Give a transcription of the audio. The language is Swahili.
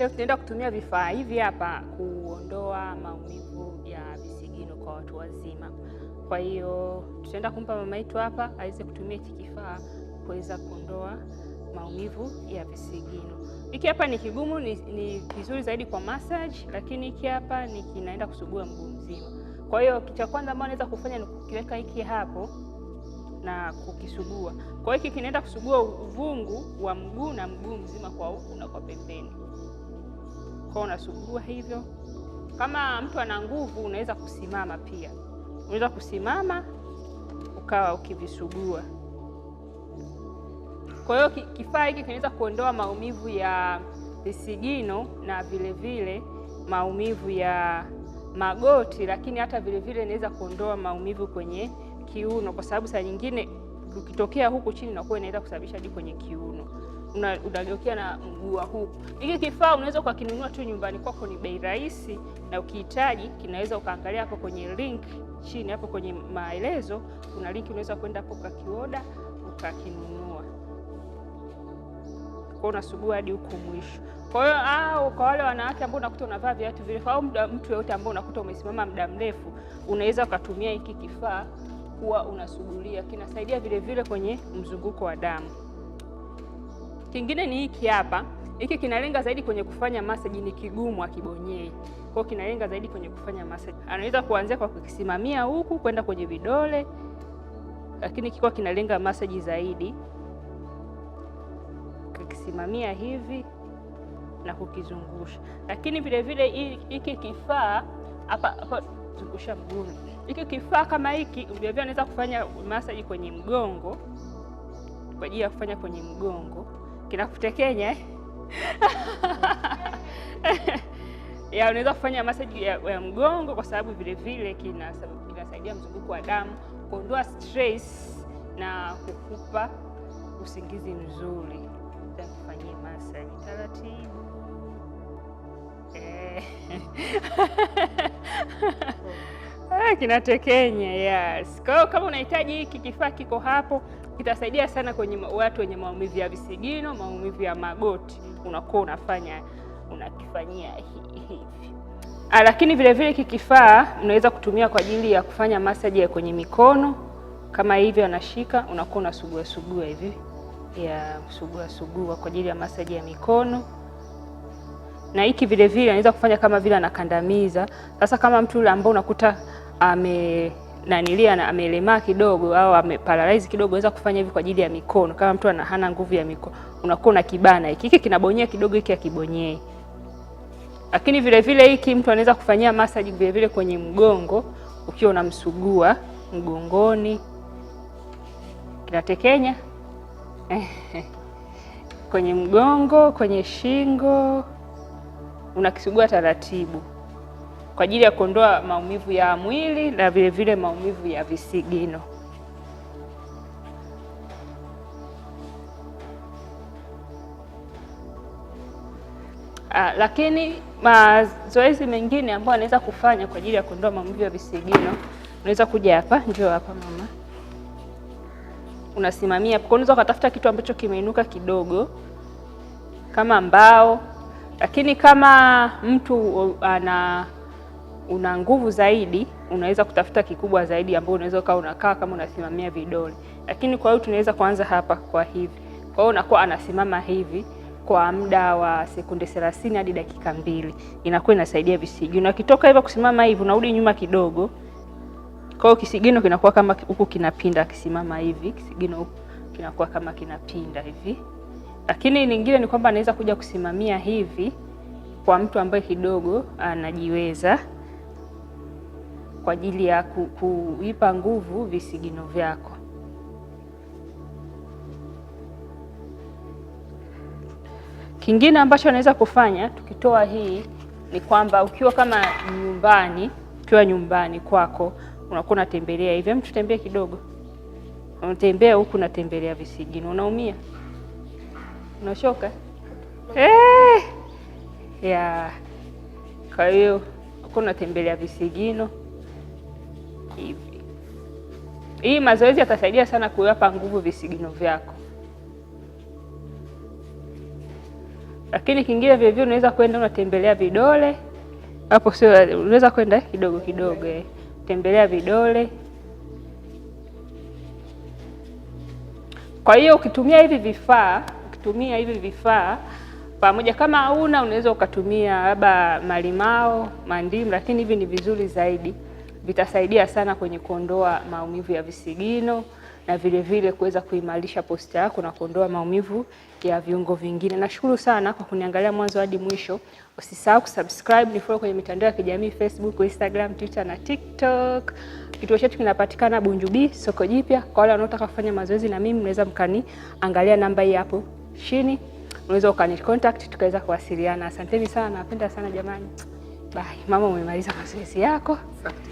Leo tunaenda kutumia vifaa hivi hapa kuondoa maumivu ya visigino kwa watu wazima. Kwa hiyo tutaenda kumpa mama yetu hapa aweze kutumia hiki kifaa kuweza kuondoa maumivu ya visigino. Hiki hapa ni kigumu, ni, ni kizuri zaidi kwa massage, lakini hiki hapa ni kinaenda kusugua mguu mzima. Kwa hiyo kitu cha kwanza ambao naweza kufanya ni kukiweka hiki hapo na kukisugua. Kwa hiyo hiki kinaenda kusugua uvungu wa mguu na mguu mzima kwa huku na kwa pembeni kwao, unasugua hivyo. Kama mtu ana nguvu, unaweza kusimama pia, unaweza kusimama ukawa ukivisugua. Kwa hiyo kifaa hiki kinaweza kuondoa maumivu ya visigino na vilevile maumivu ya magoti, lakini hata vilevile inaweza kuondoa maumivu kwenye kiuno, kwa sababu saa nyingine ukitokea huku chini kuwa inaweza kusababisha hadi kwenye kiuno, unageukia na mguu wa huku. Hiki kifaa unaweza ukakinunua tu nyumbani kwako, ni bei rahisi, na ukihitaji kinaweza ukaangalia hapo kwenye link chini hapo kwenye maelezo, kuna link unaweza kwenda hapo ukakioda ukakinunua, kwa unasugua hadi huko mwisho. Kwa hiyo au kwa wale wanawake ambao unakuta unavaa viatu vile, au mtu yoyote ambao unakuta umesimama muda mrefu, unaweza ukatumia hiki kifaa kuwa unasugulia, kinasaidia vile vile kwenye mzunguko wa damu. Kingine ni hiki hapa, hiki kinalenga zaidi kwenye kufanya massage, ni kigumu, akibonyei kwao, kinalenga zaidi kwenye kufanya massage. Anaweza kuanzia kwa kukisimamia huku kwenda kwenye vidole, lakini kikuwa kinalenga massage zaidi, kukisimamia hivi na kukizungusha, lakini vile vile hiki kifaa hapa kuzungusha mguuni. Hiki kifaa kama hiki vilevile unaweza kufanya masaji kwenye mgongo, kwa ajili ya kufanya kwenye mgongo, kinakutekenya eh? ya unaweza kufanya masaji ya, ya mgongo kwa sababu vilevile kinasaidia mzunguko wa damu, kuondoa stress na kukupa usingizi mzuri. Kufanyia masaji taratibu eh. Ah, Kinatekenya, yes. Kwa hiyo kama unahitaji hiki kifaa kiko hapo, kitasaidia sana kwenye watu wenye maumivu ya visigino, maumivu ya magoti, unakuwa unafanya unakifanyia hivi. Ah, lakini vile vile hiki kifaa unaweza kutumia kwa ajili ya kufanya masaji ya kwenye mikono kama hivi, anashika unakuwa unasugua sugua hivi, ya sugua sugua kwa ajili ya masaji ya mikono na hiki vile vile anaweza kufanya kama vile anakandamiza. Sasa kama mtu yule ambao unakuta ame nanilia amelemaa kidogo au ameparalyze kidogo, anaweza kufanya hivi kwa ajili ya mikono. Kama mtu hana nguvu ya mikono, unakuwa na kibana hiki hiki kinabonyea kidogo, hiki akibonyei. Lakini vile vile hiki mtu anaweza kufanyia massage vile vile kwenye mgongo, ukiwa unamsugua mgongoni, kinatekenya kwenye mgongo, kwenye shingo unakisugua taratibu kwa ajili ya kuondoa maumivu ya mwili na vile vile maumivu ya visigino. Ah, lakini mazoezi mengine ambayo anaweza kufanya kwa ajili ya kuondoa maumivu ya visigino, unaweza kuja hapa, njoo hapa mama, unasimamia. Unaweza ukatafuta kitu ambacho kimeinuka kidogo kama mbao lakini kama mtu ana una nguvu zaidi, unaweza kutafuta kikubwa zaidi ambao unaweza ukawa unakaa kama unasimamia vidole. Lakini kwa hiyo tunaweza kuanza hapa kwa hivi. Kwa hiyo unakuwa anasimama hivi kwa muda wa sekunde 30 hadi dakika mbili, inakuwa inasaidia visigino. Akitoka hivyo kusimama hivi, unarudi nyuma kidogo. Kwa hiyo kisigino kinakuwa kama huku kinapinda, akisimama hivi kisigino kinakuwa kama kinapinda hivi. Lakini lingine ni kwamba anaweza kuja kusimamia hivi kwa mtu ambaye kidogo anajiweza kwa ajili ya kuipa nguvu visigino vyako. Kingine ambacho anaweza kufanya tukitoa hii ni kwamba ukiwa kama nyumbani, ukiwa nyumbani kwako unakuwa unatembelea hivi, mtu tembee kidogo, unatembea huku, unatembelea visigino, unaumia unashoka eh? ya kwa hiyo uko unatembelea visigino hivi. Hii mazoezi yatasaidia sana kuwapa nguvu visigino vyako, lakini kingine vilevile unaweza kwenda unatembelea vidole hapo, sio? Unaweza kwenda kidogo kidogo, eh. tembelea vidole. Kwa hiyo ukitumia hivi vifaa kutumia hivi vifaa pamoja. Kama hauna unaweza ukatumia labda malimao, mandimu, lakini hivi ni vizuri zaidi, vitasaidia sana kwenye kuondoa maumivu ya visigino na vile vile kuweza kuimarisha posta yako na kuondoa maumivu ya viungo vingine. Nashukuru sana kwa kuniangalia mwanzo hadi mwisho. Usisahau kusubscribe, ni follow kwenye mitandao ya kijamii Facebook, Instagram, Twitter na TikTok. Kituo chetu kinapatikana Bunju B, soko jipya. Kwa wale wanaotaka kufanya mazoezi na mimi, mnaweza mkaniangalia namba hii hapo chini, unaweza ukani contact tukaweza kuwasiliana. Asanteni sana, napenda sana jamani. Bye. Mama umemaliza mazoezi yako. Asante.